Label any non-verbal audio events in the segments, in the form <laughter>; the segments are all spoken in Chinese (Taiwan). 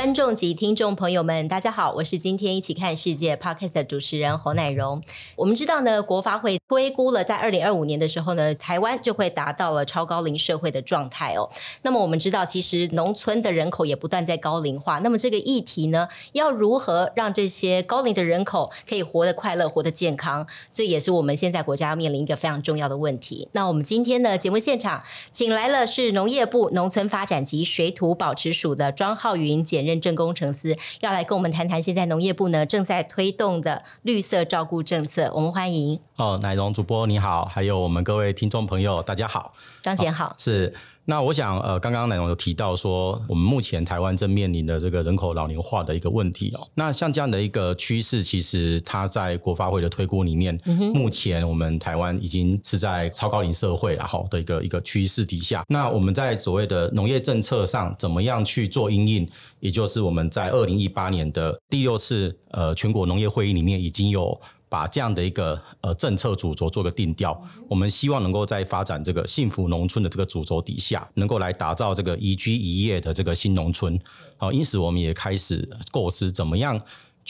觀眾及聽眾朋友們，大家好，我是今天益起看世界 podcast 的主持人侯乃榕。我們知道呢，國發會推估了在二零二五年的時候呢，台灣就會達到了超高齡社會的狀態哦。那麼我們知道，其實農村的人口也不斷在高齡化，那麼這個議題呢，要如何讓這些高齡的人口可以活得快樂、活得健康，這也是我們現在國家要面臨一個非常重要的問題。那我們今天的節目現場，請來了是農業部農村發展及水土保持署的莊皓雲簡任簡任正工程司要來跟我們談談，現在農業部呢，正在推動的綠色照顧政策，我們歡迎。哦，乃榕主播你好，還有我們各位聽眾朋友，大家好，莊姐好，哦、是。那我想，呃，剛剛乃榕有提到說，我們目前台灣正面臨的這個人口老齡化的一個問題哦。那像這樣的一個趨勢，其實它在國發會的推估裡面，目前我們台灣已經是在超高齡社會然後的一個一個趨勢底下。那我們在所謂的農業政策上，怎麼樣去做因應？也就是我們在二零一八年的第六次呃全國農業會議裡面已經有。把這樣的一個呃政策主軸做個定調，我們希望能夠在發展這個幸福農村的這個主軸底下，能夠來打造這個宜居宜業的這個新農村。好、哦，因此我們也開始構思怎麼樣。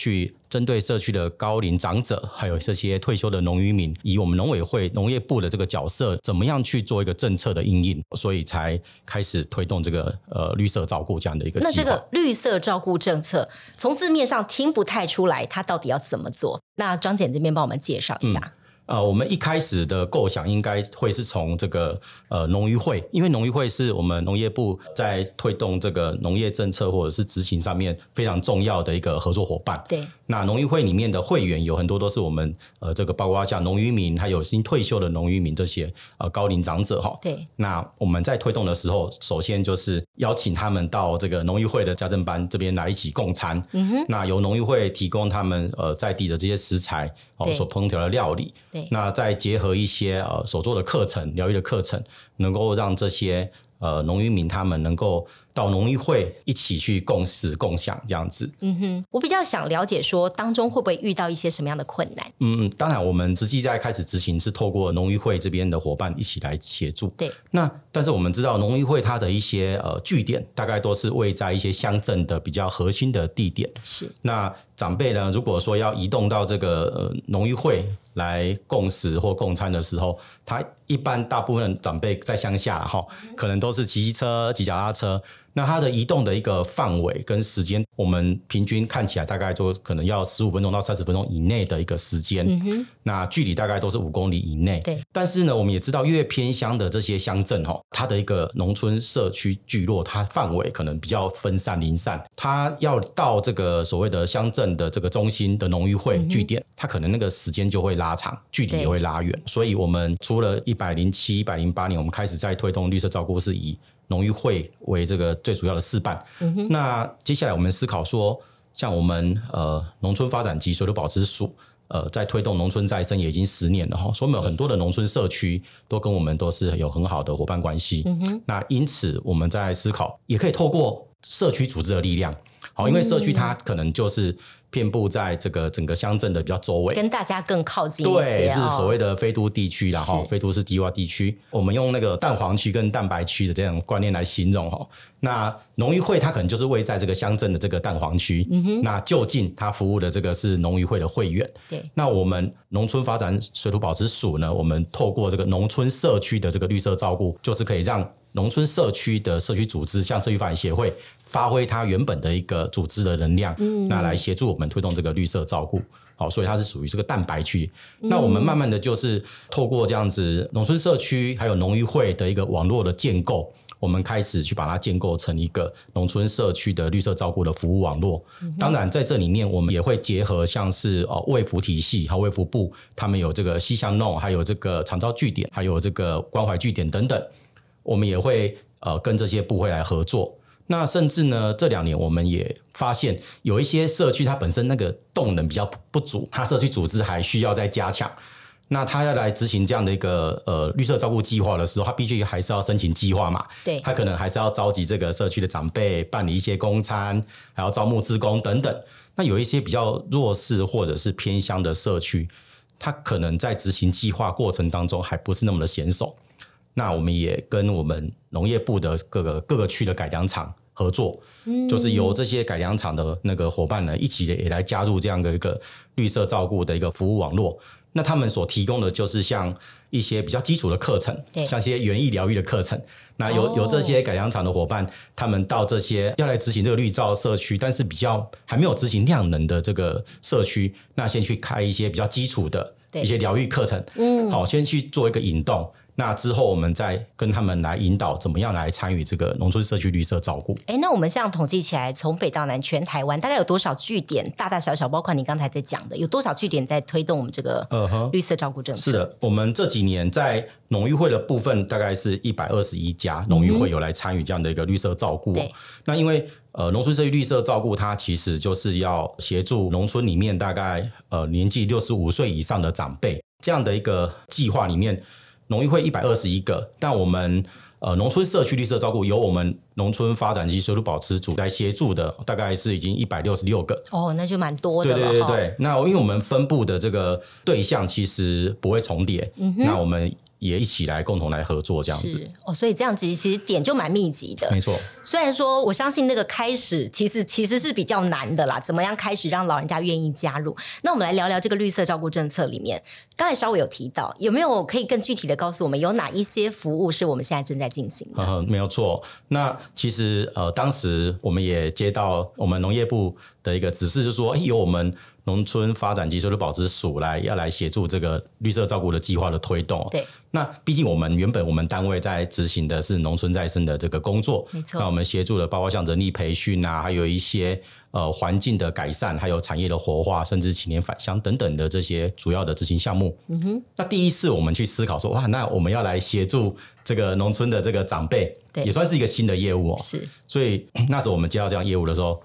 去針對社區的高齡長者，還有這些退休的農漁民，以我們農委會農業部的這個角色，怎麼樣去做一個政策的因應？所以才開始推動這個呃綠色照顧這樣的一個。那這個綠色照顧政策，從字面上聽不太出來，它到底要怎麼做？那莊簡這邊幫我們介紹一下。嗯呃，我們一開始的構想應該會是從這個呃農漁會，因為農漁會是我們農業部在推動這個農業政策或者是執行上面非常重要的一個合作夥伴。對，那農漁會裡面的會員有很多都是我們呃這個，包括像農漁民，還有新退休的農漁民這些呃高齡長者哈。哦、對，那我們在推動的時候，首先就是邀請他們到這個農漁會的家政班這邊來一起共餐。嗯哼，那由農漁會提供他們呃在地的這些食材。所烹調的料理，對對對，那再結合一些呃所做的課程、療癒的課程，能夠讓這些呃農漁民他們能夠。到農漁會一起去共食共享這樣子，嗯哼，我比較想了解說當中會不會遇到一些什麼樣的困難？嗯，當然，我們實際在開始執行是透過農漁會這邊的夥伴一起來協助。對，那但是我們知道農漁會它的一些呃據點，大概都是位在一些鄉鎮的比較核心的地點。是，那長輩呢，如果說要移動到這個呃農漁會來共食或共餐的時候，他一般大部分長輩在鄉下哈，哦嗯、可能都是騎車、騎腳踏車。那它的移動的一個範圍跟時間，我們平均看起來大概就可能要十五分鐘到三十分鐘以內的一個時間。嗯、哼那距離大概都是五公里以內。對。但是呢，我們也知道越偏鄉的這些鄉鎮、哦、它的一個農村社區聚落，它範圍可能比較分散零散，它要到這個所謂的鄉鎮的這個中心的農漁會據點，嗯、哼它可能那個時間就會拉長，距離也會拉遠。對所以，我們除了一百零七、一百零八年，我們開始在推動綠色照顧事宜。農漁會為這個最主要的試辦，嗯、哼那接下來我們思考說，像我們呃農村發展及水土保持署呃在推動農村再生也已經十年了哈、哦，所以我們有很多的農村社區都跟我們都是有很好的夥伴關係。嗯、哼那因此我們在思考，也可以透過社區組織的力量，好、哦，因為社區它可能就是。遍布在這個整個鄉鎮的比較周圍，跟大家更靠近一些。對，是所謂的非都地區，哦、然後非都市低洼地區。是我們用那個蛋黃區跟蛋白區的這樣觀念來形容哦。那農漁會它可能就是位在這個鄉鎮的這個蛋黃區，嗯、哼那就近它服務的這個是農漁會的會員。對。那我們農村發展水土保持署呢，我們透過這個農村社區的這個綠色照顧，就是可以讓農村社區的社區組織，像社區發展協會。發揮它原本的一個組織的能量，嗯嗯，那來協助我們推動這個綠色照顧。好、哦，所以它是屬於這個蛋白區。嗯嗯，那我們慢慢的就是透過這樣子農村社區還有農漁會的一個網絡的建構，我們開始去把它建構成一個農村社區的綠色照顧的服務網絡。嗯、哼當然，在這裡面我們也會結合像是哦衛、呃、福體系和衛福部，他們有這個西鄉弄，還有這個長照據點，還有這個關懷據點等等，我們也會呃跟這些部會來合作。那甚至呢，這兩年我們也發現有一些社區，它本身那個動能比較不足，它社區組織還需要再加強。那他要來執行這樣的一個呃綠色照顧計劃的時候，他必須還是要申請計劃嘛？對，他可能還是要召集這個社區的長輩辦理一些共餐，還要招募志工等等。那有一些比較弱勢或者是偏鄉的社區，它可能在執行計劃過程當中還不是那麼的嫻熟。那我們也跟我們農業部的各個各個區的改良場合作，就是由這些改良場的那個夥伴呢，一起也來加入這樣的一個綠色照顧的一個服務網絡。那他們所提供的就是像一些比較基礎的課程，對像一些園藝療癒的課程。那有、哦、有這些改良場的夥伴，他們到這些要來執行這個綠照社區，但是比較還沒有執行量能的這個社區，那先去開一些比較基礎的一些療癒課程。嗯，好，先去做一個引動。那之後，我們再跟他們來引導，怎麼樣來參與這個農村社區綠色照顧？哎、欸，那我們這樣統計起來，從北到南，全台灣大概有多少據點？大大小小，包括你剛才在講的，有多少據點在推動我們這個綠色照顧政策？Uh huh. 是的，我們這幾年在農漁會的部分，大概是一百二十一家農漁會有來參與這樣的一個綠色照顧。Uh huh. 那因為呃，農村社區綠色照顧，它其實就是要協助農村裡面大概呃年紀六十五歲以上的長輩這樣的一個計劃裡面。農漁會一百二十一個，但我們呃農村社區綠色照顧由我們農村發展及水土保持署來協助的，大概是已經一百六十六個。哦，那就蠻多的了哦。對對對對，那因為我們分布的這個對象其實不會重疊。嗯哼，那我們。也一起來共同來合作這樣子哦，所以這樣子其實點就蠻密集的，沒錯。雖然說我相信那個開始其實其實是比較難的啦，怎麼樣開始讓老人家願意加入？那我們來聊聊這個綠色照顧政策裡面，剛才稍微有提到，有沒有可以更具體的告訴我們有哪一些服務是我們現在正在進行的？嗯，沒有錯，那其實呃，當時我們也接到我們農業部的一個指示，就是說，哎，有我們。農村發展及水土保持署來要來協助這個綠色照顧的計劃的推動。對，那畢竟我們原本我們單位在執行的是農村再生的這個工作，沒錯。那我們協助了包括像人力培訓啊，還有一些呃環境的改善，還有產業的活化，甚至青年返鄉等等的這些主要的執行項目。嗯哼。那第一次我們去思考說，哇，那我們要來協助這個農村的這個長輩，對，也算是一個新的業務哦。是。所以那時候我們接到這樣業務的時候，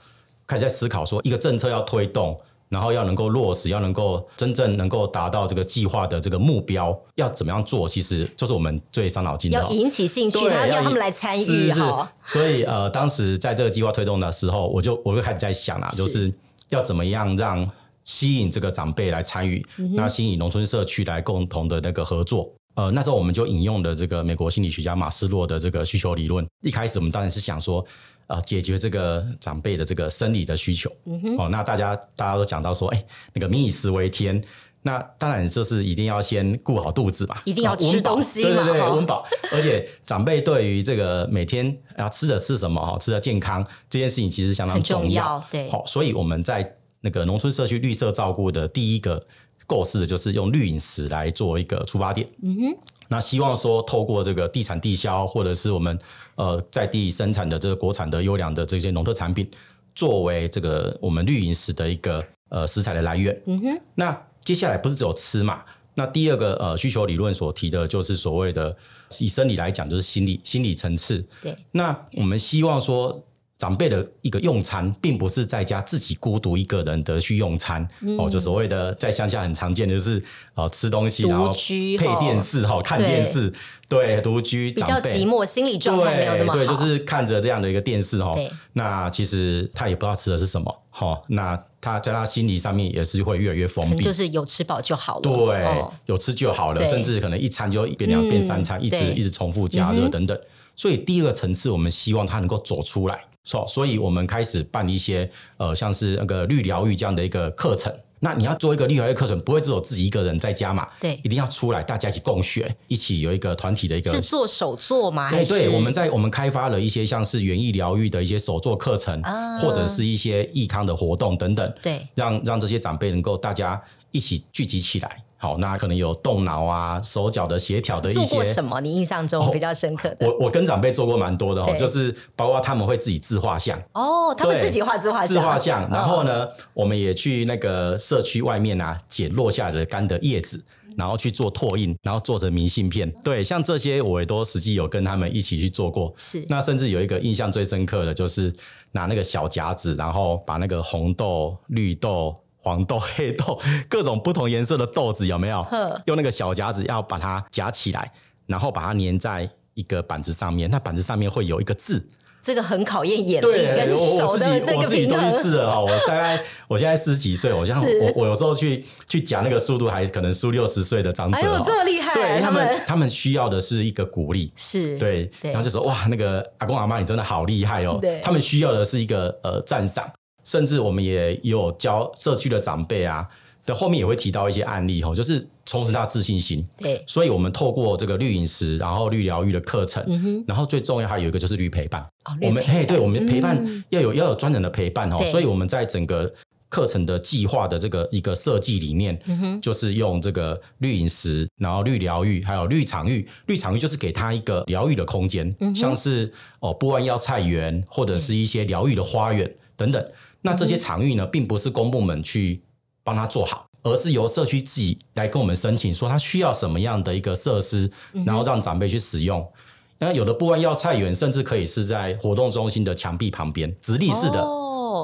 開始在思考說，一個政策要推動。然後要能夠落實，要能夠真正能夠達到這個計劃的這個目標，要怎麼樣做？其實就是我們最傷腦筋的，要引起興趣，對要讓要他們來參與。是是是好，所以呃，當時在這個計劃推動的時候，我就我就開始在想啊，是就是要怎麼樣讓吸引這個長輩來參與，那、嗯、哼吸引農村社區來共同的那個合作。呃，那時候我們就引用的這個美國心理學家馬斯洛的這個需求理論。一開始我們當然是想說。啊，解決這個長輩的這個生理的需求。嗯哼。哦，那大家大家都講到說，哎、欸，那個民以食為天，那當然就是一定要先顧好肚子吧。一定要吃東西，飽對對對，溫飽、哦。飽而且長輩對於這個每天要、啊、吃的吃什麼，吃的健康這件事情其實相當重要。很重要對。好、哦，所以我們在那個農村社區綠色照顧的第一個構思就是用綠飲食來做一個出發點。嗯哼。那希望說透過這個地產地銷或者是我們。呃，在地生產的這個國產的優良的這些農特產品，作為這個我們綠飲食的一個呃食材的來源。嗯哼。那接下來不是只有吃嘛？那第二個呃需求理論所提的就是所謂的以生理來講，就是心理心理層次。對。那我們希望說。長輩的一個用餐，並不是在家自己孤獨一個人的去用餐哦，就所謂的在鄉下很常見的就是吃東西，然後配電視哈，看電視。對，獨居比較寂寞，心理狀態沒有那麼好，對，就是看着這樣的一個電視哈，那其實他也不知道吃的是什麼，那他在他心理上面也是會越來越封閉，就是有吃飽就好了，對，有吃就好了，甚至可能一餐就一遍兩遍三餐，一直一直重複加熱等等。所以第二個層次，我們希望他能夠走出來，錯，所以我們開始辦一些呃，像是那個綠療育這樣的一個課程。那你要做一個綠療育課程，不會只有自己一個人在家嘛？對，一定要出來，大家一起共學，一起有一個團體的一個是做手作嘛？對是對，我們在我們開發了一些像是園藝療癒的一些手作課程，uh, 或者是一些益康的活動等等，對，讓讓這些長輩能夠大家一起聚集起來。好、哦，那可能有動腦啊、手腳的協調的一些。做過什麼？你印象中比較深刻的？哦，我我跟長輩做過蠻多的哦，對就是包括他們會自己自畫像。哦，他們對自己畫自畫像。自畫像，然後呢，哦，我們也去那個社區外面啊，撿落下來的乾的葉子，然後去做拓印，然後做成明信片。嗯、對，像這些我也都實際有跟他們一起去做過。是。那甚至有一個印象最深刻的，就是拿那個小夾子，然後把那個紅豆、綠豆。黃豆、黑豆，各種不同顏色的豆子有沒有？呵用那個小夾子要把它夾起來，然後把它粘在一個板子上面。那板子上面會有一個字。這個很考驗眼力對跟手的那個比較，我自己我自己都去試了，我大概 <laughs> 我現在十幾歲，我像，是我我有時候去去夾那個速度，還可能輸六十歲的長者、哎。這麼厲害、啊！對，因為他們，他們需要的是一個鼓勵，是對，然後就說對哇，那個阿公阿媽你真的好厲害哦、喔。對他們需要的是一個呃讚賞。甚至我們也有教社區的長輩啊，的後面也會提到一些案例吼、哦，就是充實他自信心。對，所以我們透過這個綠飲食，然後綠療育的課程，嗯、哼然後最重要還有一個就是綠陪伴。哦、綠陪伴我們嘿，對，我們陪伴、嗯、要有要有專人的陪伴哦。對所以我們在整個課程的計劃的這個一個設計裡面、嗯、哼就是用這個綠飲食，然後綠療育，還有綠場域。綠場域就是給他一個療癒的空間，嗯、哼像是哦不彎腰菜園，或者是一些療癒的花園、嗯、哼等等。那這些場域呢，並不是公部門去幫他做好，而是由社區自己來跟我們申請，說他需要什麼樣的一個設施，嗯、哼然後讓長輩去使用。那有的部分要菜園，甚至可以是在活動中心的牆壁旁邊，直立式的。哦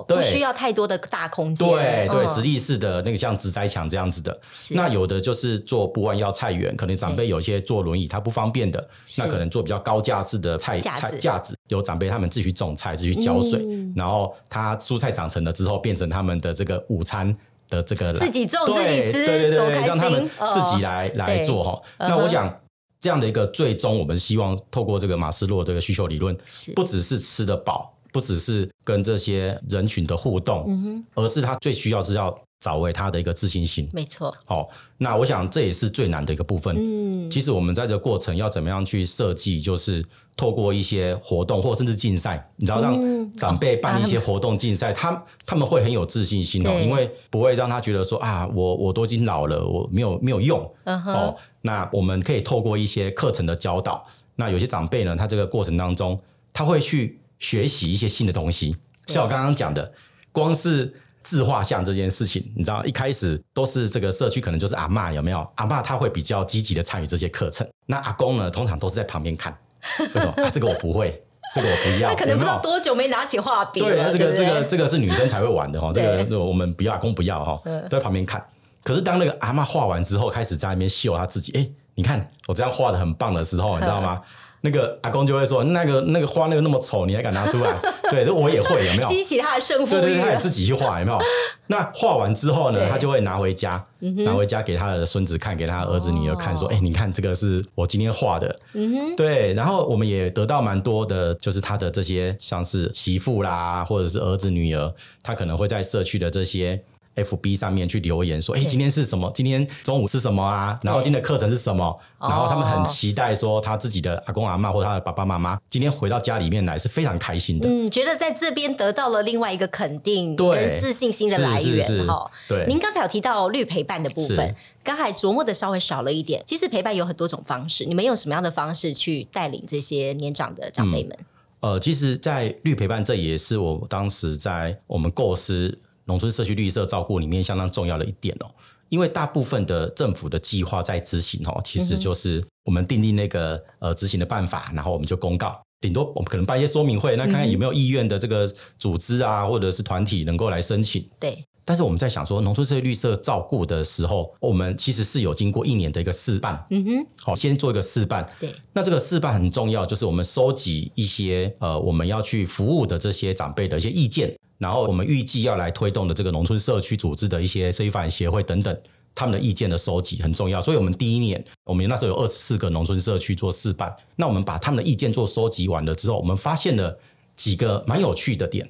不需要太多的大空間，對對，直立式的那個像植栽牆這樣子的，那有的就是做不彎腰菜園，可能長輩有一些坐輪椅，他不方便的，那可能做比較高架式的菜菜架子，有長輩他們自己種菜，自己澆水，然後他蔬菜長成了之後，變成他們的這個午餐的這個，自己種自己吃，對對對對，讓他們自己來來做哈。那我想這樣的一個最終，我們希望透過這個馬斯洛這個需求理論，不只是吃得飽。不只是跟這些人群的互動，嗯、哼而是他最需要的是要找回他的一個自信心。沒錯，哦，那我想這也是最難的一個部分。嗯，其實我們在這個過程要怎麼樣去設計，就是透過一些活動或甚至競賽，嗯、你知道讓長輩辦一些活動競賽，嗯、他他們會很有自信心哦，對因為不會讓他覺得說啊，我我都已經老了，我沒有沒有用。嗯、哼哦，那我們可以透過一些課程的教導，那有些長輩呢，他這個過程當中他會去。學習一些新的東西，像我剛剛講的，對光是自畫像這件事情，你知道，一開始都是這個社區，可能就是阿嬤，有沒有？阿嬤她會比較積極的參與這些課程，那阿公呢，通常都是在旁邊看， <laughs> 為什麼、啊？這個我不會，這個我不要，可能不知道多久沒拿起畫筆。對，這個這個這個是女生才會玩的哈，對這個我們不要，阿公不要哈、哦， <laughs> 都在旁邊看。可是當那個阿嬤畫完之後，開始在那邊秀她自己，哎，你看我這樣畫得很棒的時候，你知道嗎？ <laughs> 那個阿公就會說，那個那個花那個那麼醜，你還敢拿出來？ <laughs> 對，這我也會有沒有？激起他的勝負慾？對對對，他也自己去畫 <laughs> 有沒有？那畫完之後呢，對他就會拿回家，嗯、哼拿回家給他的孫子看，給他的兒子女兒看，說，哎、哦欸，你看這個是我今天畫的，嗯、哼對。然後我們也得到蠻多的，就是他的這些像是媳婦啦，或者是兒子女兒，他可能會在社區的這些。FB 上面去留言說：“哎 Okay.，今天是什麼？今天中午吃什麼啊？對然後今天的課程是什麼？哦、然後他們很期待說，他自己的阿公阿嬤或他的爸爸媽媽今天回到家裡面來是非常開心的。嗯，覺得在這邊得到了另外一個肯定，對自信心的來源哈。對，您剛才有提到綠陪伴的部分，是剛才琢磨的稍微少了一點。其實陪伴有很多種方式，你們用什麼樣的方式去帶領這些年長的長輩們？嗯、呃，其實，在綠陪伴，這也是我當時在我們構思。”農村社區綠色照顧裡面相當重要的一點哦，因為大部分的政府的計劃在執行哦，其實就是我們訂定那個呃執行的辦法，然後我們就公告，頂多我們可能辦一些說明會，那看看有沒有意願的這個組織啊、嗯、或者是團體能夠來申請。對。但是我們在想說，農村社區綠色照顧的時候，我們其實是有經過一年的一個試辦。嗯哼，好，先做一個試辦。對，那這個試辦很重要，就是我們收集一些呃，我們要去服務的這些長輩的一些意見，然後我們預計要來推動的這個農村社區組織的一些非法人協會等等，他們的意見的收集很重要。所以，我們第一年，我們那時候有二十四個農村社區做試辦。那我們把他們的意見做收集完了之後，我們發現了幾個蠻有趣的點。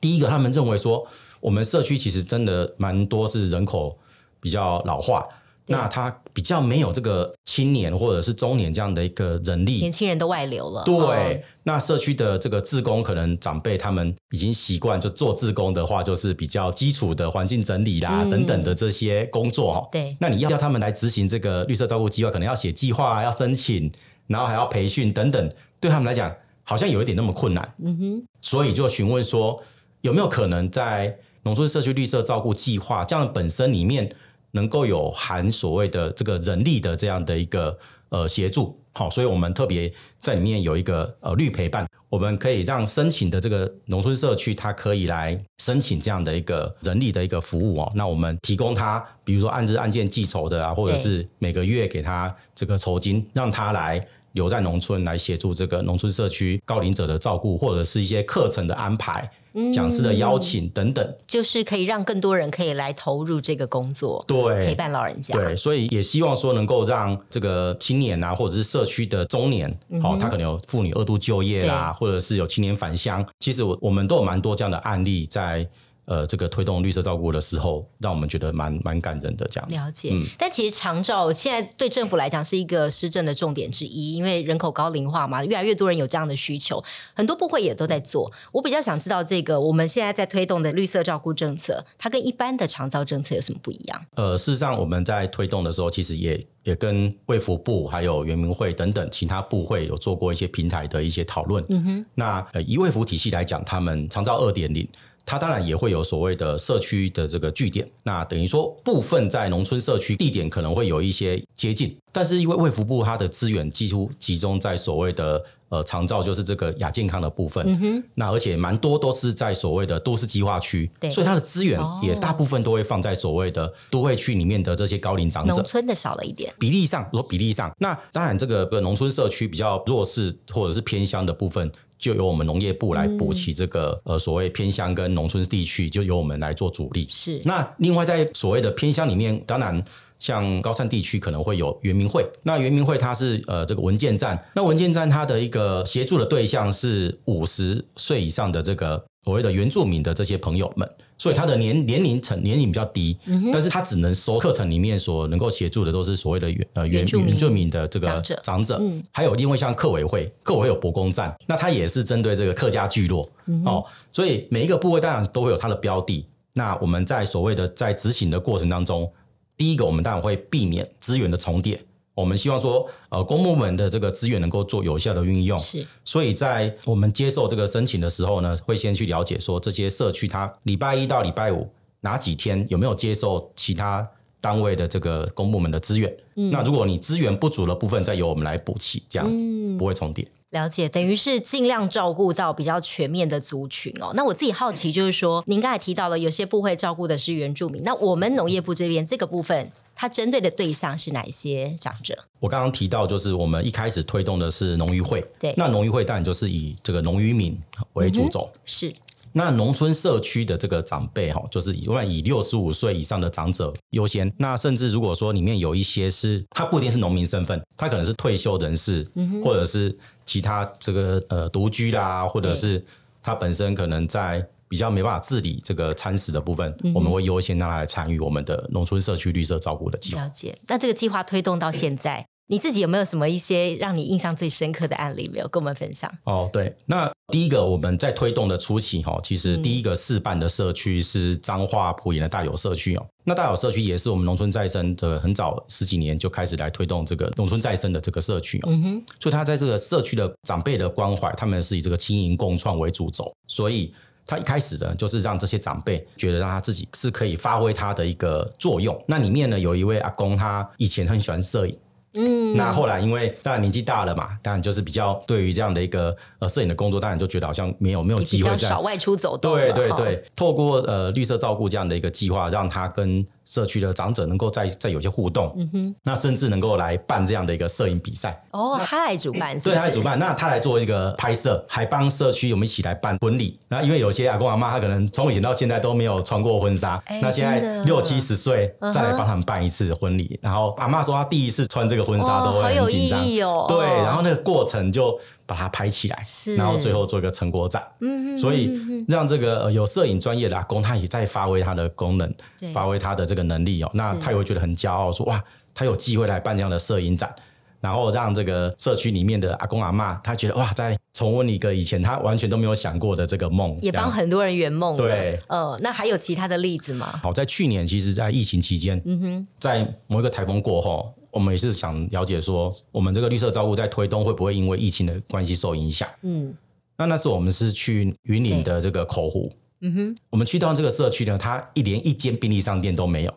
第一個，他們認為說。我們社區其實真的蠻多是人口比較老化，對那他比較沒有這個青年或者是中年這樣的一個人力，年輕人都外流了。對，哦、那社區的這個志工可能長輩他們已經習慣，就做志工的話，就是比較基礎的環境整理啦、嗯、等等的這些工作哈。對，那你要他們來執行這個綠色照顧計劃，可能要寫計劃啊，要申請，然後還要培訓等等，對他們來講好像有一點那麼困難。嗯哼，所以就詢問說有沒有可能在。農村社區綠色照顧計劃，這樣本身裡面能夠有含所謂的這個人力的這樣的一個呃協助，好、哦，所以我們特別在裡面有一個呃綠陪伴，我們可以讓申請的這個農村社區，他可以來申請這樣的一個人力的一個服務哦。那我們提供他，比如說按日案件計酬的啊，或者是每個月給他這個酬金，嗯、讓他來留在農村來協助這個農村社區高齡者的照顧，或者是一些課程的安排。講師的邀請等等、嗯，就是可以讓更多人可以來投入這個工作，對，陪伴老人家。對，所以也希望說能夠讓這個青年啊，或者是社區的中年，嗯、哼哦，他可能有婦女二度就業啦、啊，對或者是有青年返鄉。其實我我們都有蠻多這樣的案例在。呃，這個推動綠色照顧的時候，讓我們覺得蠻蠻感人的這樣子。了解，嗯、但其實長照現在對政府來講是一個施政的重點之一，因為人口高齡化嘛，越來越多人有這樣的需求，很多部會也都在做。我比較想知道，這個我們現在在推動的綠色照顧政策，它跟一般的長照政策有什麼不一樣？呃，事實上我們在推動的時候，其實也也跟衛福部、還有原民會等等其他部會有做過一些平台的一些討論。嗯哼，那、呃、以衛福體系來講，他們長照二點零。它當然也會有所謂的社區的這個據點，那等於說部分在農村社區地點可能會有一些接近，但是因為衛福部它的資源幾乎集中在所謂的呃長照，就是這個亞健康的部分，嗯、哼那而且蠻多都是在所謂的都市計劃區，對所以它的資源也大部分都會放在所謂的都會區裡面的這些高齡長者，農村的少了一點比例上，比例上，那當然這個農村社區比較弱勢或者是偏鄉的部分。就由我們農業部來補齊這個、嗯、呃所謂偏鄉跟農村地區，就由我們來做主力。是那，另外在所謂的偏鄉裡面，當然像高山地區可能會有原民會。那原民會它是呃這個文健站，那文健站它的一個協助的對象是五十歲以上的這個所謂的原住民的這些朋友們。所以他的年、年齡層年齡比較低，嗯、哼但是他只能說課程裡面所能夠協助的都是所謂的原、呃原原住民的這個長者，嗯、還有另外像客委會，客委會有伯公站，那他也是針對這個客家聚落、嗯、哼哦，所以每一個部會當然都會有它的標的。那我們在所謂的在執行的過程當中，第一個我們當然會避免資源的重疊。我們希望說，呃，公部門的這個資源能夠做有效的運用。是，所以在我們接受這個申請的時候呢，會先去了解說這些社區，它禮拜一到禮拜五哪幾天有沒有接受其他單位的這個公部門的資源？嗯，那如果你資源不足的部分，再由我們來補齊，這樣不會重疊。了解，等於是盡量照顧到比較全面的族群哦。那我自己好奇就是說，您剛才提到了有些部會照顧的是原住民，那我們農業部這邊這個部分？它針對的對象是哪些長者？我剛剛提到，就是我們一開始推動的是農漁會。對那農漁會當然就是以這個農漁民為主軸，嗯。是，那農村社區的這個長輩哈、哦，就是一般以六十五歲以上的長者優先。那甚至如果說裡面有一些是，他不一定是農民身份，他可能是退休人士，嗯、哼或者是其他這個呃獨居啦，對或者是他本身可能在。比較沒辦法自理這個餐食的部分，嗯、哼我們會優先讓他來參與我們的農村社區綠色照顧的計劃。了解，那這個計劃推動到現在，嗯、你自己有沒有什麼一些讓你印象最深刻的案例沒有跟我們分享？哦，對，那第一個我們在推動的初期哈、哦，其實第一個試辦的社區是彰化埔鹽的大有社區哦。那大有社區也是我們農村再生的很早十幾年就開始來推動這個農村再生的這個社區、哦。嗯哼，所以他在這個社區的長輩的關懷，他們是以這個經營共創為主軸，所以。他一開始呢，就是讓這些長輩覺得，讓他自己是可以發揮他的一個作用。那裡面呢，有一位阿公，他以前很喜歡攝影，嗯，那後來因為當然年紀大了嘛，當然就是比較對於這樣的一個呃攝影的工作，當然就覺得好像沒有沒有機會，比較少外出走動，對。對對對，哦，透過呃綠色照顧這樣的一個計劃，讓他跟。社區的長者能夠在在有些互動，嗯、哼那甚至能夠來辦這樣的一個攝影比賽。哦，他來主辦是不是？對，他來主辦，那他來做一個拍攝，還幫社區我們一起來辦婚禮。那因為有些阿公阿媽，他可能從以前到現在都沒有穿過婚紗，欸、那現在六的七十歲、嗯、哼再來幫他們辦一次婚禮。然後阿媽說，她第一次穿這個婚紗都會很緊張哦。哦對，然後那個過程就。把它拍起來，是然後最後做一個成果展。嗯哼，所以讓這個、呃、有攝影專業的阿公，他也在發揮他的功能，對發揮他的這個能力哦。是那他也會覺得很驕傲說，說哇，他有機會來辦這樣的攝影展，然後讓這個社區裡面的阿公阿媽，他覺得哇，在重溫一個以前他完全都沒有想過的這個夢，也幫很多人圓夢。對，呃、哦，那還有其他的例子嗎？好，在去年，其實，在疫情期間，嗯哼，在某一個台風過後。嗯嗯我們也是想了解說，我們這個綠色照顧在推動會不會因為疫情的關係受影響？嗯，那那次我們是去雲林的這個口湖，欸、嗯哼，我們去到這個社區呢，它，一連一間便利商店都沒有。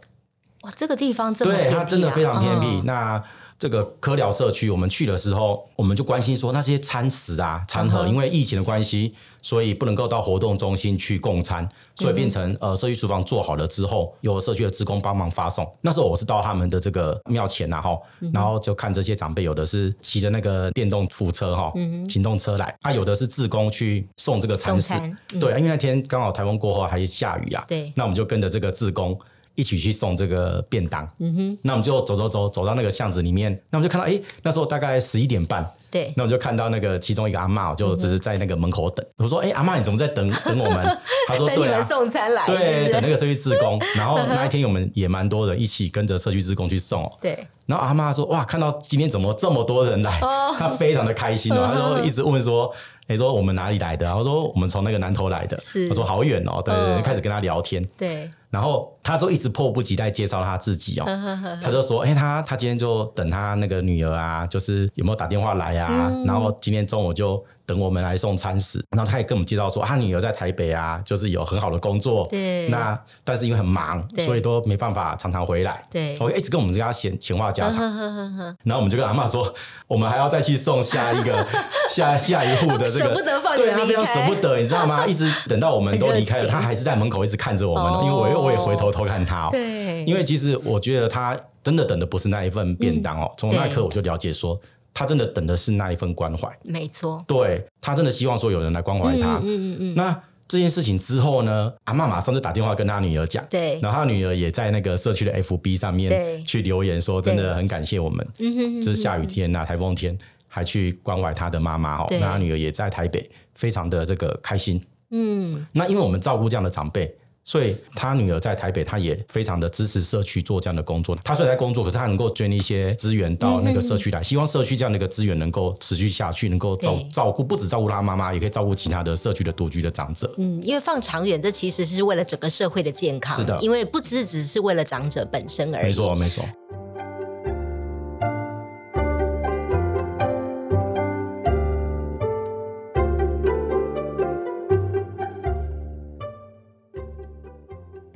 哇、哦，這個地方真的、啊、對，它真的非常偏僻。哦、那這個科寮社區，我們去的時候，我們就關心說，那些餐食啊、餐盒，因為疫情的關係，所以不能夠到活動中心去供餐，所以變成呃社區廚房做好了之後，由社區的志工幫忙發送。那時候我是到他們的這個廟前啊，然後就看這些長輩，有的是騎着那個電動扶車哈，行動車來，他有的是志工去送這個餐食。對，因為那天剛好台風過後還下雨啊，對，那我們就跟着這個志工。一起去送這個便當，嗯哼，那我們就走走走，走到那個巷子裡面，那我們就看到，哎，那時候大概十一點半，對，那我們就看到那個其中一個阿嬤，就只是在那個門口等。我說，哎，阿嬤，你怎麼在等等我們？他說，等你們送餐來，對，等那個社區志工。然後那一天我們也蠻多的，一起跟着社區志工去送。對，然後阿嬤說，哇，看到今天怎麼這麼多人來，他非常的開心。他說，一直問說，你說我們哪裡來的。他說，我們從那個南投來的。她說，好遠哦。對對，開始跟他聊天。對。然後他就一直迫不及待介紹他自己哦，呵呵呵他就說，哎、欸，他他今天就等他那個女兒啊，就是有沒有打電話來啊？嗯、然後今天中午就等我們來送餐食。然後他也跟我們介紹說，他、啊、女兒在台北啊，就是有很好的工作，對。那但是因為很忙，對所以都沒辦法常常回來。對。我一直跟我們家閒閒,閒話家常，呵呵呵然後我們就跟阿嬤說，我們還要再去送下一個 <laughs> 下下一戶的這個，他對他非常捨不得，你知道嗎？一直等到我們都離開了，他還是在門口一直看着我們、哦哦、因為我又。我也回頭偷看他哦，對，因為其實我覺得他真的等的不是那一份便當哦，從那一刻我就了解說，他真的等的是那一份關懷，沒錯，對，他真的希望說有人來關懷他，嗯嗯嗯。那這件事情之後呢，阿媽馬上就打電話跟他女兒講，對，然後他女兒也在那個社區的 FB 上面去留言說，真的很感謝我們，嗯哼，就是下雨天啊、颱風天還去關懷他的媽媽哦，那他女兒也在台北，非常的這個開心，嗯，那因為我們照顧這樣的長輩。所以，他女兒在台北，他也非常的支持社區做這樣的工作。他雖然在工作，可是他能夠捐一些資源到那個社區來，希望社區這樣的一個資源能夠持續下去，能夠對照照顧，不只照顧他媽媽，也可以照顧其他的社區的獨居的長者。嗯，因為放長遠，這其實是為了整個社會的健康。是的，因為不只只是為了長者本身而已。沒錯，沒錯。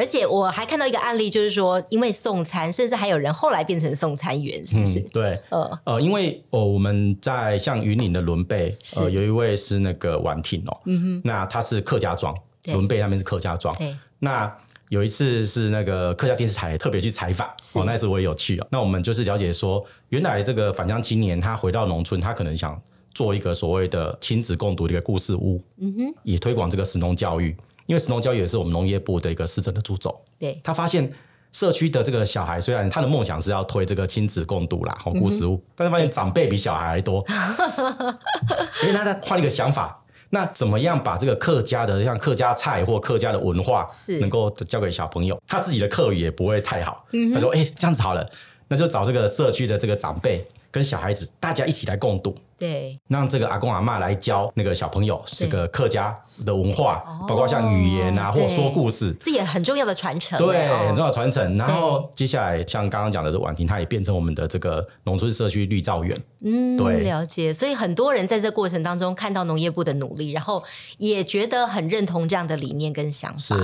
而且我還看到一個案例，就是說，因為送餐，甚至還有人後來變成送餐員，是不是？嗯、對，呃呃，因為哦、呃，我們在像雲林的崙背呃，是有一位是那個婉婷哦，嗯哼，那他是客家莊，崙背對那邊是客家莊。對那有一次是那個客家電視台特別去採訪，哦是、喔，那次我也有去哦、喔。那我們就是了解說，原來這個返鄉青年他回到農村，他可能想做一個所謂的親子共讀的一個故事屋，嗯哼，以推廣這個食農教育。因為神農教育，也是我們農業部的一個市政的助手對。他發現社區的這個小孩，雖然他的夢想是要推這個親子共讀啦，好故事屋，嗯、哼但是發現長輩比小孩還多。哎、 <laughs> 嗯,那他換一個想法，那怎麼樣把這個客家的像客家菜或客家的文化是能夠教給小朋友？是他自己的客語也不會太好，嗯、哼他說：“哎，這樣子好了，那就找這個社區的這個長輩跟小孩子，大家一起來共讀。”對，讓這個阿公阿媽來教那個小朋友這個客家的文化，包括像語言啊，或說故事，這也很重要的傳承。對，很重要傳承。然後接下來像剛剛講的這個婉婷，她也變成我們的這個農村社區綠照員。嗯，對，了解。所以很多人在這過程當中看到農業部的努力，然後也覺得很認同這樣的理念跟想法。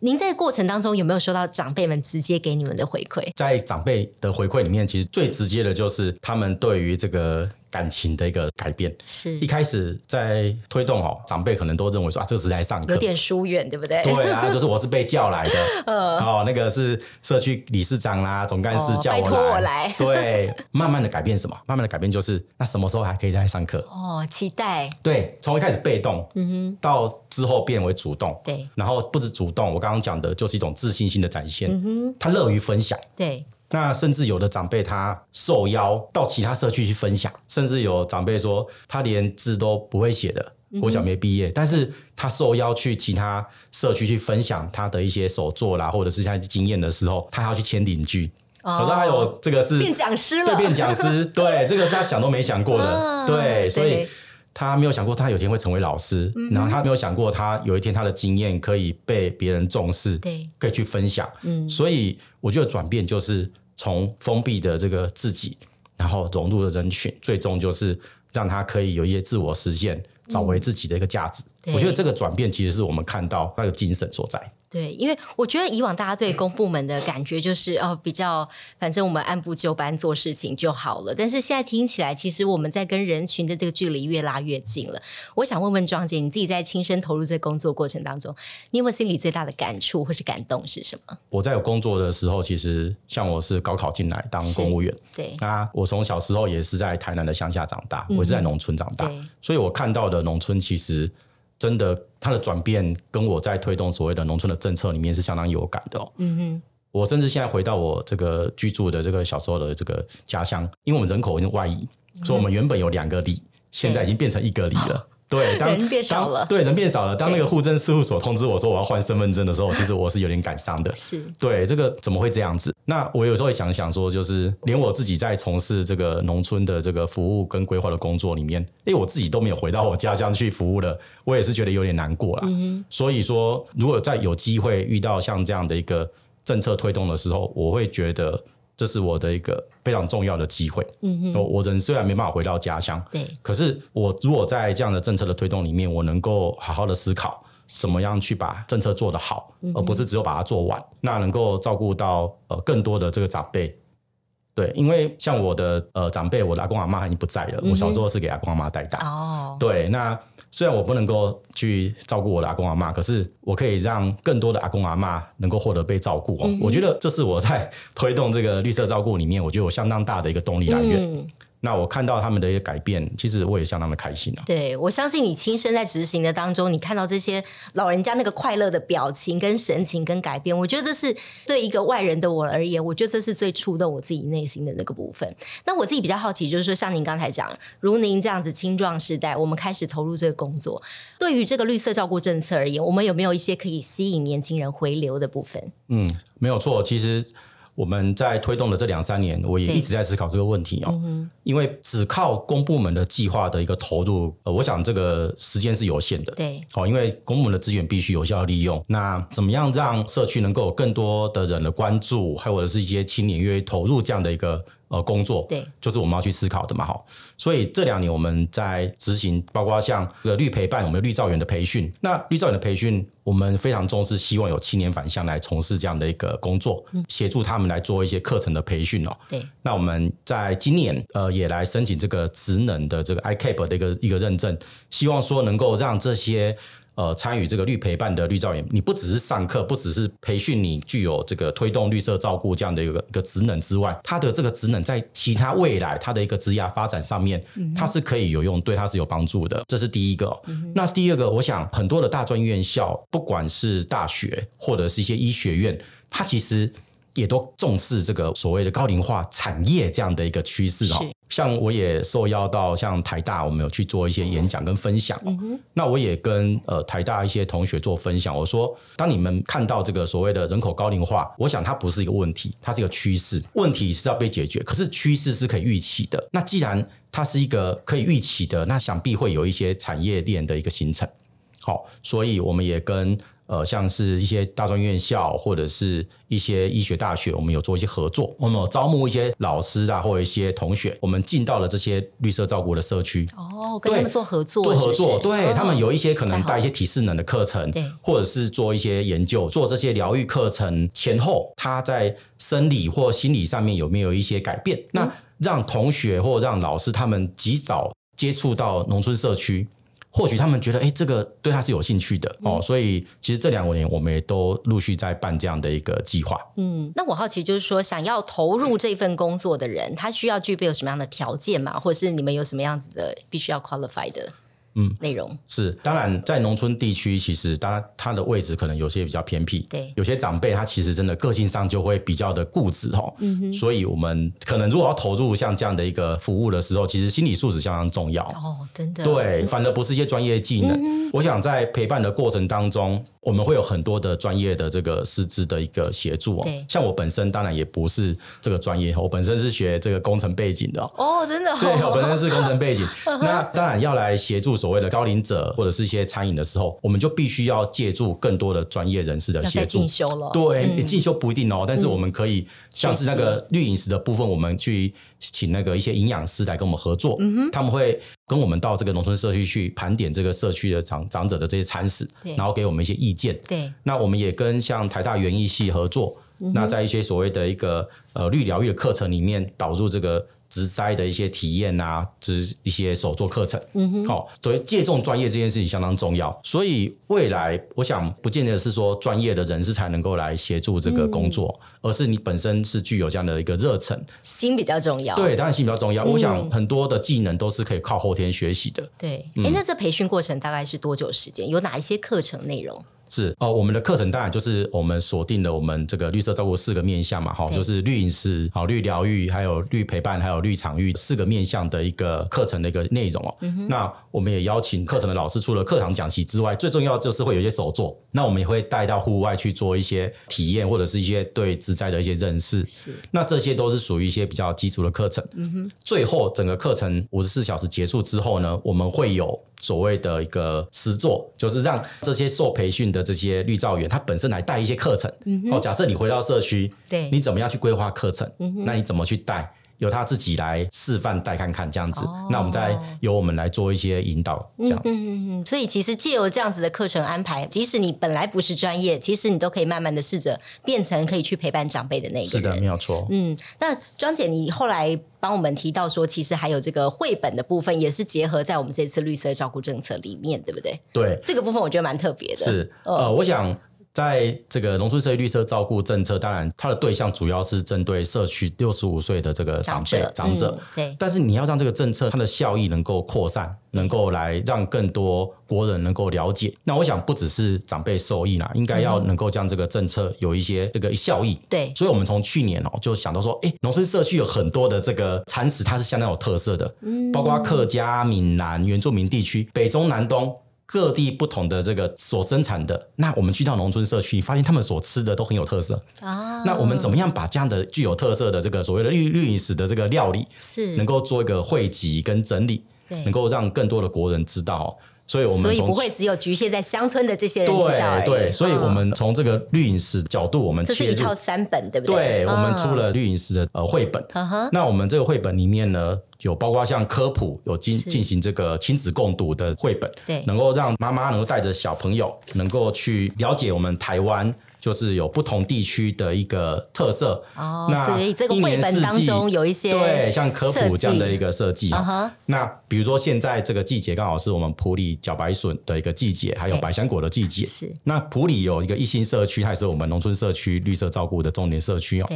您在過程當中有沒有收到長輩們直接給你們的回饋？在長輩的回饋裡面，其實最直接的就是他們對於這個。感情的一個改變，是一開始在推動哦，長輩可能都認為說啊，這個時代上課有點疏遠，對不對？對啊，就是我是被叫來的，哦， <laughs> 那個是社區理事長啦、啊、總幹事叫我來，哦、拜托我來對，慢慢的改變什麼？慢慢的改變就是，那什麼時候還可以再來上課？哦，期待。對，從一開始被動，嗯哼，到之後變為主動，對，然後不止主動，我剛剛講的就是一種自信心的展現，嗯哼，他樂於分享，對。那甚至有的長輩他受邀到其他社區去分享，甚至有長輩說他連字都不會寫的，我、嗯、哼國小沒畢業，但是他受邀去其他社區去分享他的一些手作啦，或者是他經驗的時候，他還要去簽鄰居，哦、好像還有這個是變講師了，對，變講師， <laughs> 對，這個是他想都沒想過的，哦、對，所以。對對他沒有想過，他有一天會成為老師，嗯哼，然後他沒有想過，他有一天他的經驗可以被別人重視，對，可以去分享。嗯，所以我覺得轉變就是從封閉的這個自己，然後融入了人群，最終就是讓他可以有一些自我實現，找回自己的一個價值。嗯對我覺得這個轉變其實是我們看到那個精神所在。對，因為我覺得以往大家對公部門的感覺就是哦，比較反正我們按部就班做事情就好了。但是現在聽起來，其實我們在跟人群的這個距離越拉越近了。我想問問莊姐，你自己在親身投入這個工作過程當中，你有沒有心裡最大的感觸或是感動是什麼？我在有工作的時候，其實像我是高考進來當公務員，對啊，我從小時候也是在台南的鄉下長大，我是在農村長大，嗯、對所以我看到的農村其實。真的，他的轉變跟我在推動所謂的農村的政策裡面是相當有感的。哦。嗯哼，我甚至現在回到我這個居住的這個小時候的這個家鄉，因為我們人口已經外移，嗯、哼所以我們原本有兩個里，現在已經變成一個里了。嗯對，當人變少了當，對人變少了。當那個戶政事務所通知我說我要換身份證的時候，對其實我是有點感傷的。 <laughs> 是對這個怎麼會這樣子？那我有時候會想一想說，就是連我自己在從事這個農村的這個服務跟規劃的工作裡面，因為，我自己都沒有回到我家鄉去服務了，我也是覺得有點難過啦。嗯、哼所以說，如果在有機會遇到像這樣的一個政策推動的時候，我會覺得。這是我的一個非常重要的機會。嗯嗯哼，我人雖然沒辦法回到家鄉，對，可是我如果在這樣的政策的推動裡面，我能夠好好的思考怎麼樣去把政策做得好，是而不是只有把它做完，嗯、哼那能夠照顧到呃更多的這個長輩。對，因為像我的呃長輩，我的阿公阿媽已經不在了。嗯、哼我小時候是給阿公阿媽帶大。哦、對，那雖然我不能夠去照顧我的阿公阿媽，可是我可以讓更多的阿公阿媽能夠獲得被照顧，嗯、哼我覺得這是我在推動這個綠色照顧裡面，我覺得有相當大的一個動力來源。嗯那我看到他們的一個改變，其實我也相當的開心啊。對，我相信你親身在執行的當中，你看到這些老人家那個快樂的表情、跟神情、跟改變，我覺得這是對一個外人的我而言，我覺得這是最觸動我自己內心的那個部分。那我自己比較好奇，就是說像您剛才講，如您這樣子青壯世代，我們開始投入這個工作，對於這個綠色照顧政策而言，我們有沒有一些可以吸引年輕人回流的部分？嗯，沒有錯，其實。我們在推動的這兩三年，我也一直在思考這個問題哦。嗯、因為只靠公部門的計劃的一個投入、呃，我想這個時間是有限的。對，好，因為公部門的資源必須有效利用。那怎麼樣讓社區能夠有更多的人的關注，還有或是一些青年願意投入這樣的一個？呃，工作對，就是我們要去思考的嘛，好。所以這兩年我們在執行，包括像這個綠陪伴，我們綠照員的培訓。那綠照員的培訓，我們非常重視，希望有青年返鄉來從事這樣的一個工作，嗯、協助他們來做一些課程的培訓哦。對，那我們在今年呃也來申請這個職能的這個 ICAP 的一個一個認證，希望說能夠讓這些。呃，參與這個綠陪伴的綠照員，你不只是上課，不只是培訓，你具有這個推動綠色照顧這樣的一個一個職能之外，他的這個職能在其他未來他的一個職涯發展上面，它是可以有用，對它是有幫助的，這是第一個。那第二個，我想很多的大專院校，不管是大學或者是一些醫學院，它其實。也都重視這個所謂的高齡化產業這樣的一個趨勢哈、哦，像我也受邀到像台大，我們有去做一些演講跟分享、哦。那我也跟呃台大一些同學做分享，我說，當你們看到這個所謂的人口高齡化，我想它不是一個問題，它是一個趨勢。問題是要被解決，可是趨勢是可以預期的。那既然它是一個可以預期的，那想必會有一些產業鏈的一個形成。好，所以我們也跟。呃，像是一些大專院校或者是一些醫學大學，我們有做一些合作。我們有招募一些老師啊，或者一些同學，我們進到了這些綠色照顧的社區。哦，跟他們做合作，對做合作。生對他們有一些可能帶一些體適能的課程，哦，或者是做一些研究，做這些療癒課程前後，他在生理或心理上面有沒有一些改變？嗯、那讓同學或讓老師他們及早接觸到農村社區。或許他們覺得，哎、欸，這個對他是有興趣的、嗯、哦，所以其實這兩年我們也都陸續在辦這樣的一個計劃。嗯，那我好奇就是說，想要投入這份工作的人，嗯、他需要具備有什麼樣的條件嗎？或者是你們有什麼樣子的必須要 qualify 的？嗯，內容是，當然在農村地區，其實它它的位置可能有些比較偏僻，對，有些長輩他其實真的個性上就會比較的固執哦，嗯嗯哼，所以我們可能如果要投入像這樣的一個服務的時候，其實心理素質相當重要哦，真的，對，反而不是一些專業技能，嗯、哼我想在陪伴的過程當中，我們會有很多的專業的這個師資的一個協助、哦，對，像我本身當然也不是這個專業，我本身是學這個工程背景的哦，哦，真的、哦，對，我本身是工程背景， <laughs> 那當然要來協助所。所謂的高齡者或者是一些餐飲的時候，我們就必須要借助更多的專業人士的協助。進修了，對，嗯、進修不一定哦，但是我們可以像是那個綠飲食的部分，我們去請那個一些營養師來跟我們合作。嗯、哼他們會跟我們到這個農村社區去盤點這個社區的長長者的這些餐食，對然後給我們一些意見。對，那我們也跟像台大園藝系合作，嗯、哼那在一些所謂的一個呃綠療育的課程裡面導入這個植栽的一些體驗啊，是一些手作課程，嗯哼，好、哦，所以借重專業這件事情相當重要。所以未來，我想不見得是說專業的人士才能夠來協助這個工作，嗯、而是你本身是具有這樣的一個熱忱，心比較重要。對，當然心比較重要。嗯、我想很多的技能都是可以靠後天學習的。對，哎、嗯，那這培訓過程大概是多久時間？有哪一些課程內容？是哦，我們的課程當然就是我們鎖定了我們這個綠色照顧四個面向嘛，哈，Okay. 就是綠飲食、好綠療癒、還有綠陪伴、還有綠場域四個面向的一個課程的一個內容哦。Mm hmm. 那我們也邀請課程的老師，除了課堂講習之外，最重要就是會有一些手作。那我們也會帶到戶外去做一些體驗，mm hmm. 或者是一些對植栽的一些認識。是，那這些都是屬於一些比較基礎的課程。嗯哼、mm。Hmm. 最後，整個課程五十四小時結束之後呢，我們會有。所謂的一個實作，就是讓這些受培訓的這些綠照員，他本身來帶一些課程。嗯、哼哦，假設你回到社區，對，你怎麼樣去規劃課程？嗯、哼那你怎麼去帶？由他自己來示範帶看看這樣子，哦、那我們再由我們來做一些引導，這樣。嗯哼嗯嗯，所以其實借由這樣子的課程安排，即使你本來不是專業，其實你都可以慢慢的試着變成可以去陪伴長輩的那個人。是的，沒有錯。嗯，那莊姐，你後來幫我們提到說，其實還有這個繪本的部分，也是結合在我們這次綠色照顧政策裡面，對不對？對，這個部分我覺得蠻特別的。是，呃，我想。在這個農村社會綠色照顧政策，當然它的對象主要是針對社區六十五歲的這個長輩長者。長者嗯、對，但是你要讓這個政策它的效益能夠擴散，嗯、能夠來讓更多國人能夠了解。那我想不只是長輩受益啦、啊，應該要能夠將這個政策有一些這個效益。嗯、對，對，所以我們從去年哦就想到說，哎，農村社區有很多的這個餐食，它是相當有特色的，嗯，包括客家、閩南、原住民地區、北中南東。各地不同的這個所生產的，那我們去到農村社區，發現他們所吃的都很有特色啊。Oh. 那我們怎麼樣把這樣的具有特色的這個所謂的綠綠飲食的這個料理，是能夠做一個匯集跟整理，對能夠讓更多的國人知道，所以，我們所以不會只有局限在鄉村的這些人對對，對。嗯、所以我們從這個綠飲食角度，我們切入這是一套三本，對不對？對，嗯、我們出了綠飲食的呃繪本。嗯、那我們這個繪本裡面呢，有包括像科普，有進是進行這個親子共讀的繪本，對，能夠讓媽媽能夠帶着小朋友能夠去了解我們台灣就是有不同地區的一個特色哦，oh, 那一年四季中有一些對，像科普這樣的一個設計啊。Uh huh. 那比如說現在這個季節剛好是我們埔里茭白筍的一個季節，還有百香果的季節。是對，那埔里有一個一心社區，它也是我們農村社區綠色照顧的重點社區哦。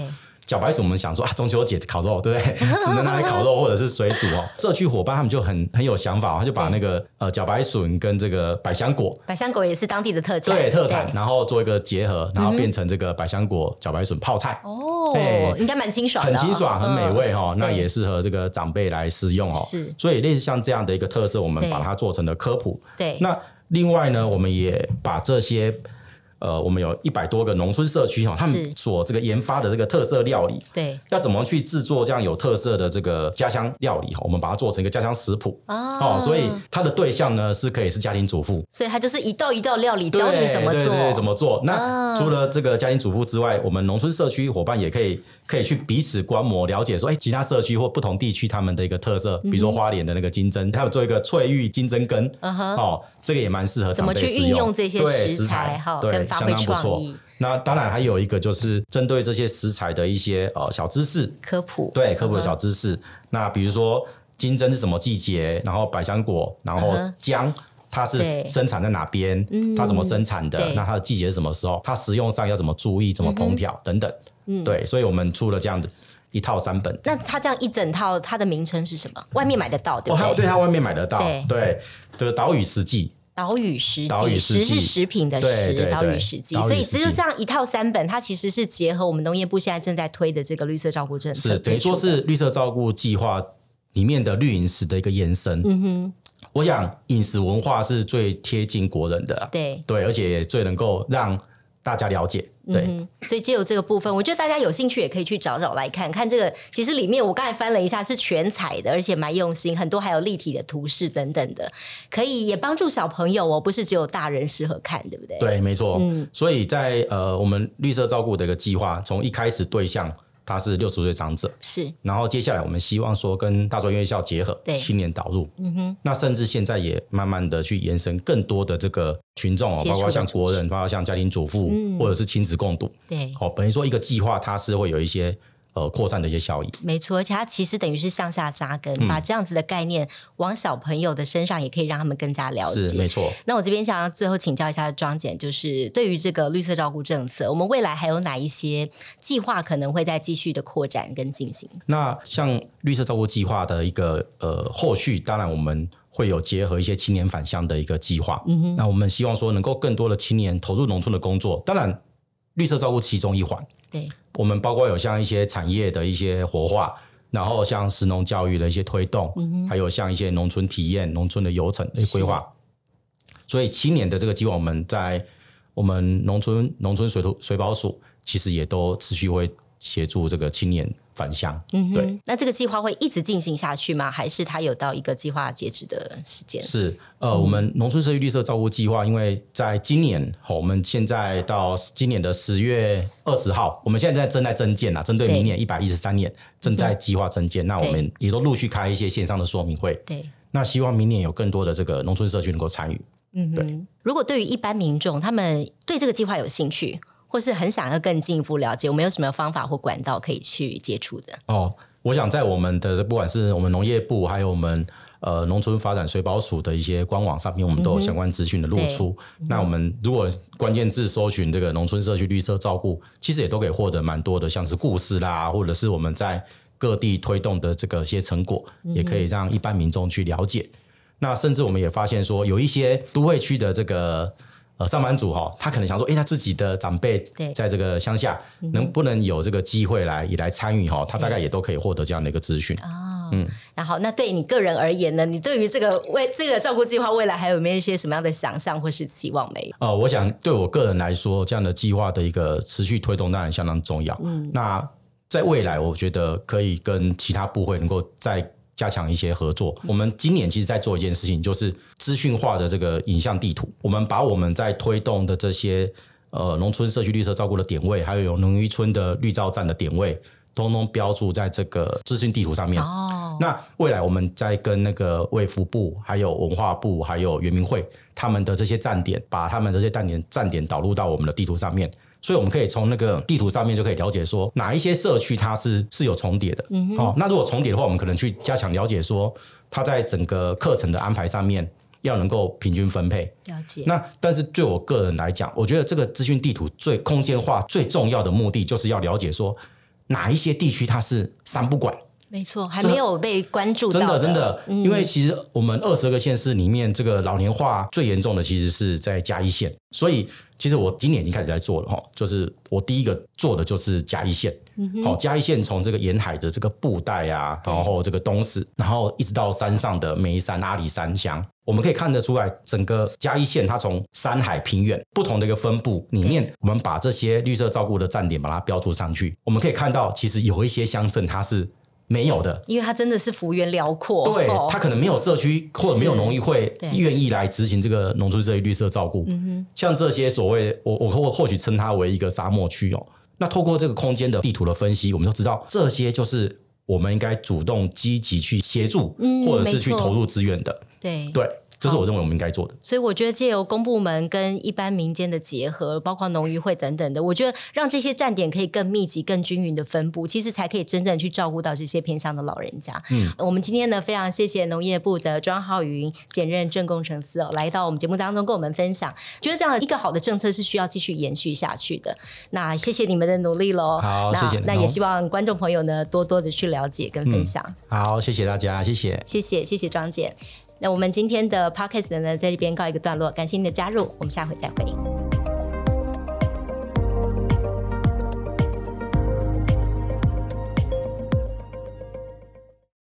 茭白筍，我們想說啊，中秋節烤肉，對不對？只能拿來烤肉或者是水煮哦。社區夥伴他們就很很有想法，他就把那個呃茭白筍跟這個百香果，百香果也是當地的特產，對特產，然後做一個結合，然後變成這個百香果茭白筍泡菜哦，應該蠻清爽，很清爽，很美味哈。那也適合這個長輩來食用哦。是，所以類似像這樣的一個特色，我們把它做成了科普。對，那另外呢，我們也把這些。呃，我們有一百多個農村社區哈，他們所這個研发的這個特色料理，對，要怎麼去制作這樣有特色的這個家鄉料理哈？我們把它做成一個家鄉食譜啊，哦，所以它的對象呢，是可以是家庭主婦，所以它就是一道一道料理對教你怎麼做對對對，怎麼做。那除了這個家庭主婦之外，啊、我們農村社區伙伴也可以可以去彼此觀摩了解說，說、欸、哎，其他社區或不同地區他們的一個特色，比如說花蓮的那個金針，他們做一個翠玉金針羹，嗯哼，哦，這個也蠻適合怎麼去運用這些食材對。相當不錯。那當然還有一個就是針對這些食材的一些呃小知識科普，對科普的小知識。嗯、哼那比如說金針是什麼季節，然後百香果，然後薑，嗯、它是生產在哪邊？嗯、它怎麼生產的？對那它的季節是什麼時候？它食用上要怎麼注意？怎麼烹調等等？嗯嗯、對，所以我們出了這樣的一套三本。那它這樣一整套，它的名稱是什麼？外面買得到對吧？對，對、哦、對，它外面買得到，對，對，這個島嶼四季。島嶼食記，食是食品的食，島嶼食記，所以實際上一套三本，它其實是結合我們農業部現在正在推的這個綠色照顧政策，是等於說是綠色照顧計劃裡面的綠飲食的一個延伸。嗯哼，我想飲食文化是最貼近國人的，對對，而且也最能夠讓。大家了解，對，嗯、所以藉由這個部分，我覺得大家有興趣也可以去找找來看，看這個其實裡面我剛才翻了一下是全彩的，而且蠻用心，很多還有立體的圖示等等的，可以也幫助小朋友、哦，我不是只有大人適合看，對不對？對，沒錯。嗯、所以在呃，我們綠色照顧的一個計劃從一開始對象。他是六十歲長者，是。然後接下來我們希望說跟大專院校結合，對青年導入，嗯哼。那甚至現在也慢慢的去延伸更多的這個群眾哦，包括像國人，包括像家庭主婦，嗯、或者是親子共度，對。好、哦，等於說一個計劃，它是會有一些。呃，擴散的一些效益，沒錯，而且它其實等於是向下紮根，嗯、把這樣子的概念往小朋友的身上，也可以讓他們更加了解。是沒錯。那我這邊想要最後請教一下莊姐，就是對於這個綠色照顧政策，我們未來還有哪一些計劃可能會再繼續的擴展跟進行？那像綠色照顧計劃的一個呃後續，當然我們會有結合一些青年返鄉的一個計劃。嗯哼。那我們希望說能夠更多的青年投入農村的工作，當然綠色照顧其中一環。對。我們包括有像一些產業的一些活化，然後像“食農教育”的一些推動，嗯、哼還有像一些農村體驗、農村的遊程的規劃。是所以七年的這個期，我們在我們農村、農村水土水保署，其實也都持續會。協助這個青年返鄉，嗯、哼對。那這個計劃會一直進行下去嗎？還是它有到一個計劃截止的時間？是，呃，嗯、我們農村社區綠色照顧計劃，因為在今年，我們現在到今年的十月二十號，我們現在正在徵件吶，針對明年一百一十三年對正在計劃徵件，對那我們也都陸續開一些線上的說明會。對。那希望明年有更多的這個農村社區能夠參與。嗯哼。對如果對於一般民眾，他們對這個計劃有興趣，或是很想要更進一步了解，我們有什麼方法或管道可以去接觸的？哦，我想在我們的不管是我們農業部，還有我們呃農村發展水保署的一些官網上面，我們都有相關資訊的露出。嗯、那我們如果關鍵字搜尋這個農村社區綠色照顧，嗯、其實也都可以獲得蠻多的，像是故事啦，或者是我們在各地推動的這個一些成果，嗯、哼也可以讓一般民眾去了解。那甚至我們也發現說，有一些都會區的這個。呃，上班族哈、哦，他可能想說，哎、欸，他自己的長輩在這個鄉下，能不能有這個機會來也來參與哈、哦？他大概也都可以獲得這樣的一個資訊、哦、嗯，然後那對你個人而言呢？你對於這個未這個照顧計劃未來還有沒有一些什麼樣的想象或是期望沒有？哦、呃，我想對我個人來說，這樣的計劃的一個持續推動當然相當重要。嗯，那在未來，我覺得可以跟其他部會能夠再。加強一些合作。我們今年其實在做一件事情，就是資訊化的這個影像地圖。我們把我們在推動的這些呃農村社區綠色照顧的點位，還有農漁村的綠照站的點位，通通標注在這個資訊地圖上面。哦，oh. 那未來我們再跟那個衛福部、還有文化部、還有原民會他們的這些站點，把他們的這些站點站點導入到我們的地圖上面。所以我們可以從那個地圖上面就可以了解說，哪一些社區它是是有重疊的。好、嗯哼哦，那如果重疊的話，我們可能去加強了解說，它在整個課程的安排上面要能夠平均分配。了解。那但是對我個人來講，我覺得這個資訊地圖最空間化最重要的目的，就是要了解說哪一些地區它是三不管。沒錯，還沒有被關注到。真的，真的，因為其實我們二十二個縣市裡面，這個老年化最嚴重的其實是在嘉義縣。所以，其實我今年已經開始在做了哈，就是我第一個做的就是嘉義縣。好、嗯哼，嘉義縣從這個沿海的這個布袋啊，然後這個東石，嗯、然後一直到山上的梅山、阿里山鄉，我們可以看得出來，整個嘉義縣它從山海平原不同的一個分布裡面，嗯、我們把這些綠色照顧的站點把它標注上去，我們可以看到，其實有一些鄉鎮它是。沒有的，因為它真的是幅員遼闊，對它、哦、可能沒有社區或者沒有農業會願意來執行這個農村社區綠色照顧。嗯哼，像這些所謂我我或或許稱它為一個沙漠區哦。那透過這個空間的地圖的分析，我們就知道這些就是我們應該主動積極去協助、嗯、或者是去投入資源的。對。對這是我認為我們應該做的。哦、所以我覺得借由公部門跟一般民間的結合，包括農漁會等等的，我覺得讓這些站點可以更密集、更均勻的分布，其實才可以真正去照顧到這些偏鄉的老人家。嗯，我們今天呢非常謝謝農業部的莊皓雲簡任正工程司哦，來到我們節目當中跟我們分享。覺得這樣一個好的政策是需要繼續延續下去的。那謝謝你們的努力嘍。好，那謝謝。那也希望觀眾朋友呢多多的去了解跟分享、嗯。好，謝謝大家，謝謝，謝謝，謝謝莊姐。那我們今天的 Podcast 呢，在這邊告一個段落，感謝您的加入，我們下回再會。